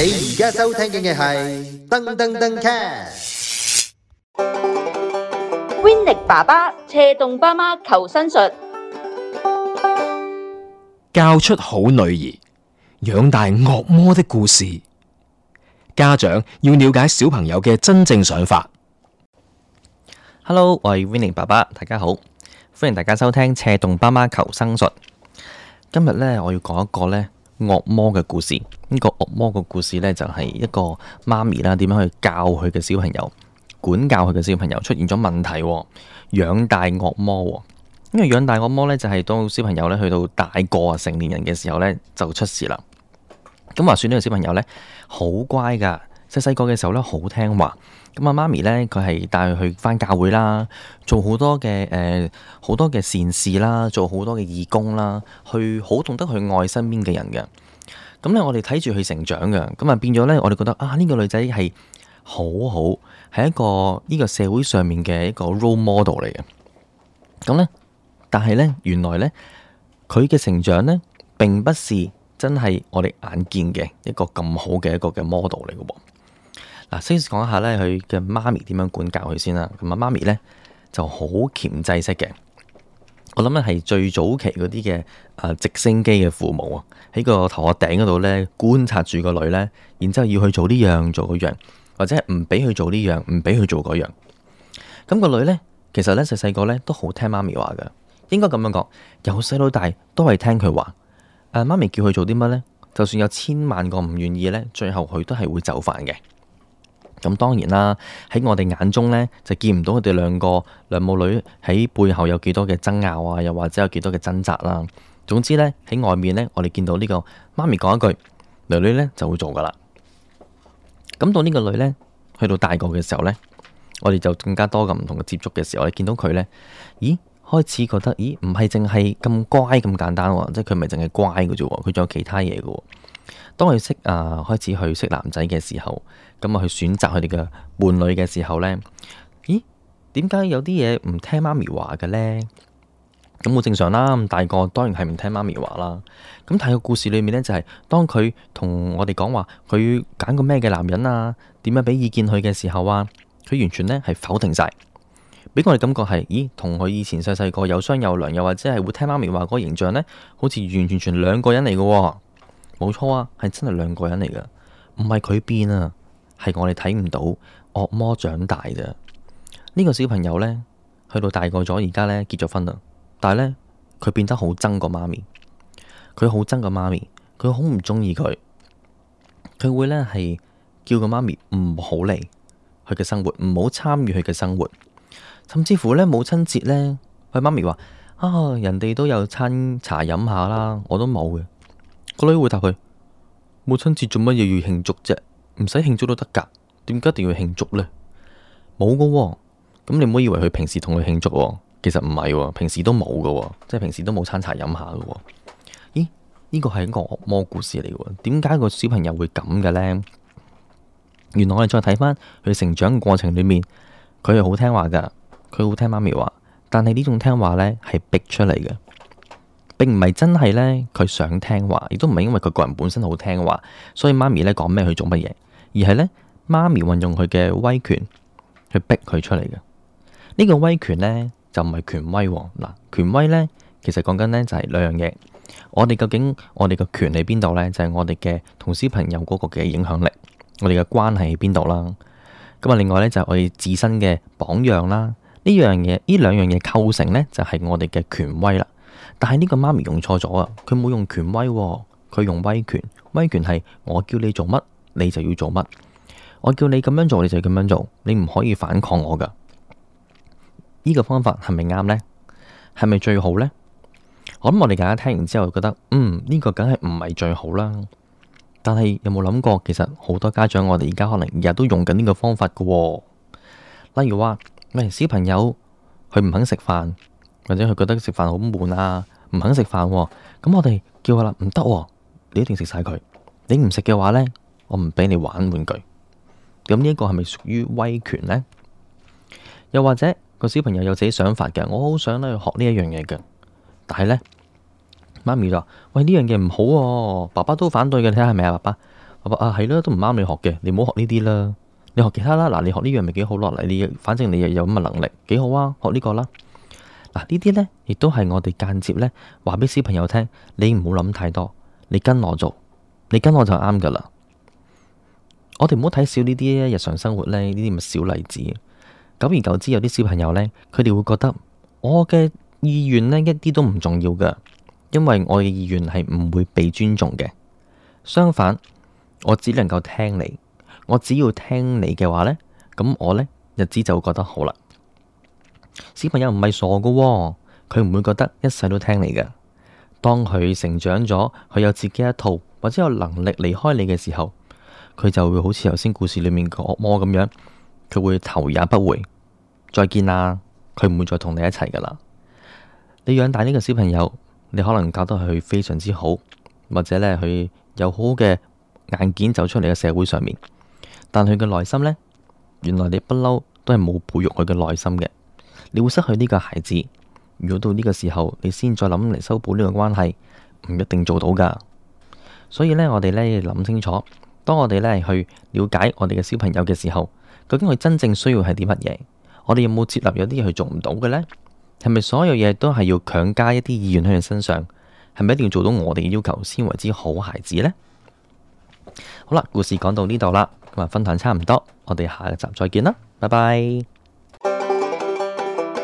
你而家收聽嘅係《噔噔噔 Cat》，Winnie 爸爸斜棟爸媽求生術，教出好女兒，養大惡魔的故事。家長要了解小朋友嘅真正想法。Hello，我係 Winnie 爸爸，大家好，歡迎大家收聽斜棟爸媽求生術。今日呢，我要講一個呢。惡魔嘅故事，呢個惡魔嘅故事呢，就係一個媽咪啦，點樣去教佢嘅小朋友，管教佢嘅小朋友出現咗問題喎，養大惡魔喎。因為養大惡魔呢，就係當小朋友咧去到大個啊，成年人嘅時候呢，就出事啦。咁話說呢個小朋友呢，好乖噶，細細個嘅時候呢，好聽話。咁啊，媽咪咧，佢係帶佢去返教會啦，做好多嘅誒，好、呃、多嘅善事啦，做好多嘅義工啦，去好懂得去愛身邊嘅人嘅。咁咧，我哋睇住佢成長嘅，咁啊變咗咧，我哋覺得啊，呢、這個女仔係好好，係一個呢、這個社會上面嘅一個 role model 嚟嘅。咁咧，但係咧，原來咧，佢嘅成長咧，並不是真係我哋眼見嘅一個咁好嘅一個嘅 model 嚟嘅喎。嗱，先講下咧，佢嘅媽咪點樣管教佢先啦。咁啊，媽咪咧就好鉗制式嘅。我諗咧係最早期嗰啲嘅啊直升機嘅父母喺個頭殼頂嗰度咧觀察住個女咧，然之後要去做呢樣做嗰樣，或者唔俾佢做呢樣，唔俾佢做嗰樣。咁個女咧，其實咧細細個咧都好聽媽咪話嘅，應該咁樣講，由細到大都係聽佢話。誒媽咪叫佢做啲乜咧，就算有千萬個唔願意咧，最後佢都係會就範嘅。咁當然啦，喺我哋眼中呢，就見唔到佢哋兩個兩母女喺背後有幾多嘅爭拗啊，又或者有幾多嘅掙扎啦、啊。總之呢，喺外面呢，我哋見到呢個媽咪講一句，女女呢就會做噶啦。咁到呢個女呢，去到大個嘅時候呢，我哋就更加多嘅唔同嘅接觸嘅時候，我哋見到佢呢，咦，開始覺得咦，唔係淨係咁乖咁簡單喎、啊，即係佢咪係淨係乖嘅啫喎，佢仲有其他嘢嘅、啊。當佢識誒、啊、開始去識男仔嘅時候，咁啊去選擇佢哋嘅伴侶嘅時候呢，咦？點解有啲嘢唔聽媽咪話嘅呢？咁好正常啦，大個當然係唔聽媽咪話啦。咁但係個故事裏面呢，就係、是、當佢同我哋講話，佢揀個咩嘅男人啊？點樣俾意見佢嘅時候啊，佢完全呢係否定晒，俾我哋感覺係咦？同佢以前細細個有商有量，又或者係會聽媽咪話嗰個形象呢，好似完完全全兩個人嚟嘅、哦。冇錯啊，係真係兩個人嚟噶，唔係佢變啊，係我哋睇唔到惡魔長大啫。呢個小朋友呢，去到大個咗，而家呢，結咗婚啦，但係呢，佢變得好憎個媽咪，佢好憎個媽咪，佢好唔中意佢，佢會呢，係叫個媽咪唔好嚟佢嘅生活，唔好參與佢嘅生活，甚至乎呢，母親節呢，佢媽咪話啊，人哋都有餐茶飲下啦，我都冇嘅。個女回答佢，母親節做乜嘢要慶祝啫？唔使慶祝都得噶點解一定要慶祝呢？冇噶、哦，咁你唔好以為佢平時同佢慶祝，哦，其實唔係，平時都冇噶，即係平時都冇餐茶飲下噶。咦？呢個係一個惡魔故事嚟噶，點解個小朋友會咁嘅呢？原來我哋再睇翻佢成長嘅過程裏面，佢係好聽話噶，佢好聽媽咪話，但係呢種聽話呢係逼出嚟嘅。並唔係真係咧，佢想聽話，亦都唔係因為佢個人本身好聽話，所以媽咪咧講咩佢做乜嘢，而係咧媽咪運用佢嘅威權去逼佢出嚟嘅。呢個威權咧就唔係權威。嗱，權威咧其實講緊咧就係兩樣嘢，我哋究竟我哋嘅權喺邊度咧，就係我哋嘅同小朋友嗰個嘅影響力，我哋嘅關係喺邊度啦。咁啊，另外咧就係我哋自身嘅榜樣啦，呢樣嘢，呢兩樣嘢構成咧就係我哋嘅權威啦。但係呢個媽咪用錯咗啊！佢冇用權威喎，佢用威權。威權係我叫你做乜，你就要做乜；我叫你咁樣做，你就咁樣做，你唔可以反抗我噶。呢個方法係咪啱呢？係咪最好呢？我諗我哋大家聽完之後覺得，嗯，呢個梗係唔係最好啦。但係有冇諗過，其實好多家長我哋而家可能日日都用緊呢個方法噶喎？例如話，喂，小朋友佢唔肯食飯，或者佢覺得食飯好悶啊。唔肯食飯喎，咁我哋叫佢啦，唔得喎，你一定食晒佢。你唔食嘅話呢，我唔俾你玩玩具。咁呢一個係咪屬於威權呢？又或者個小朋友有自己想法嘅，我好想咧去學呢一樣嘢嘅。但係呢，媽咪就話：喂，呢樣嘢唔好喎，爸爸都反對嘅。你睇下係咪啊？爸爸，爸爸啊，係咯，都唔啱你學嘅，你唔好學呢啲啦。你學其他啦，嗱，你學呢樣咪幾好落嚟。你，反正你又有咁嘅能力，幾好啊，學呢個啦。嗱，呢啲呢，亦都係我哋間接呢話俾小朋友聽，你唔好諗太多，你跟我做，你跟我就啱噶啦。我哋唔好睇小呢啲日常生活呢，呢啲咁嘅小例子，久而久之，有啲小朋友呢，佢哋會覺得我嘅意願呢，一啲都唔重要噶，因為我嘅意願係唔會被尊重嘅。相反，我只能夠聽你，我只要聽你嘅話呢，咁我呢，日子就會覺得好啦。小朋友唔係傻噶，佢唔會覺得一世都聽你嘅。當佢成長咗，佢有自己一套，或者有能力離開你嘅時候，佢就會好似頭先故事裏面個惡魔咁樣，佢會頭也不回，再見啦，佢唔會再同你一齊噶啦。你養大呢個小朋友，你可能教得佢非常之好，或者呢，佢有好好嘅硬件走出嚟嘅社會上面，但佢嘅內心呢，原來你不嬲都係冇培育佢嘅內心嘅。你會失去呢個孩子。如果到呢個時候，你先再諗嚟修補呢個關係，唔一定做到噶。所以呢，我哋呢要諗清楚，當我哋呢去了解我哋嘅小朋友嘅時候，究竟佢真正需要係啲乜嘢？我哋有冇接納咗啲嘢佢做唔到嘅呢？係咪所有嘢都係要強加一啲意願喺佢身上？係咪一定要做到我哋嘅要求先為之好孩子呢？好啦，故事講到呢度啦，咁啊，分享差唔多，我哋下一集再見啦，拜拜。